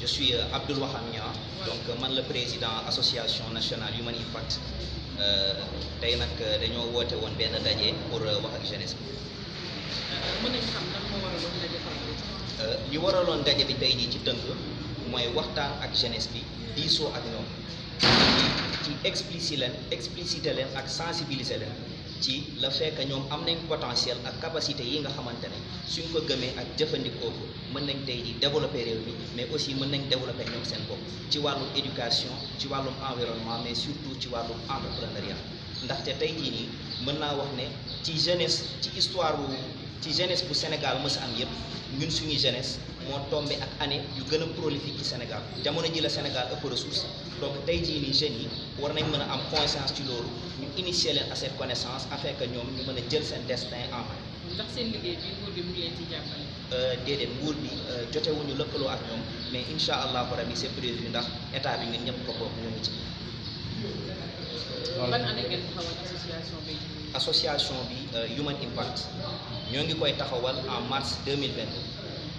je suis euh, Abdoul Wahab donc euh, man la président association nationale Human Impact euh, tey nag dañoo woote woon benn daje pour wax ak jeunesse bi. mën nañu xam lan bi. li waraloon daje bi tey jii ci tënk mooy waxtaan ak jeunesse bi diisoo ak ñoom ci expliciter leen expliciter leen ak sensibiliser leen. ci la fekk ñoom am nañ potentiel ak capacité yi nga xamante ne suñ ko gëmee ak jëfandikoo ko mën nañ tey di développer réew mi mais aussi mën nañ développer ñoom seen bopp ci wàllum éducation ci wàllum environnement mais surtout ci wàllum entrepreneuriat ndaxte tey jii nii mën naa wax ne ci jeunesse ci histoire wu ci jeunesse bu Sénégal mos am yëpp ñun suñuy jeunesse moo tombé ak année yu gën a prolifique ci Sénégal jamono ji la Sénégal ëpp si donc tey jii nii jeunes yi war nañ mën a am conscience ci loolu ñu initier leen à cette connaissance afin que ñoom ñu mën a jël seen destin en main. ndax seen liggéey bi nguur bi mu ngi leen ci jàppale. Euh, euh, jotewuñu lëkkaloo ak ñoom mais incha allah rabi c'est prévu ndax état bi ñun ñëpp ko bokk ñoo ngi ci. Euh, ban année association bi. association bi Human ñoo ngi koy taxawal en mars deux mille vingt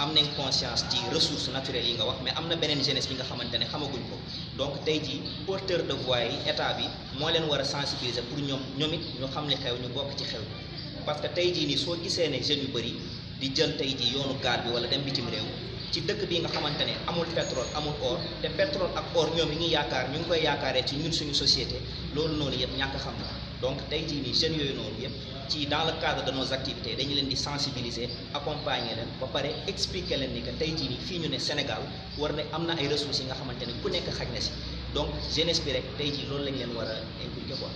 am nañ conscience ci ressources naturelles yi nga wax mais am na beneen jeunesse bi nga xamante ne xamaguñ ko donc tey jii porteur de voix yi état bi moo leen war a sensibiliser pour ñoom ñoom it ñu xam ne xew ñu bokk ci xew parce que tey jii nii soo gisee ne jeunes yu bëri di jël tey jii yoonu gaal bi wala dem bitim réew ci dëkk bi nga xamante ne amul pétrole amul or te pétrole ak or ñoom yi ñuy yaakaar ñu ngi koy yaakaaree ci ñun suñu société loolu noonu yëpp ñàkk donc tey jii nii jeunes yooyu noonu yëpp ci dans le cadre de activités dañu leen di sensibiliser accompagner leen ba pare expliquer leen ni que tey jii nii fii ñu ne Sénégal war ne am na ay ressources yi nga xamante ne ku nekk xaj na si donc jeunesse bi rek tey jii loolu lañ leen war a inculquer quoi.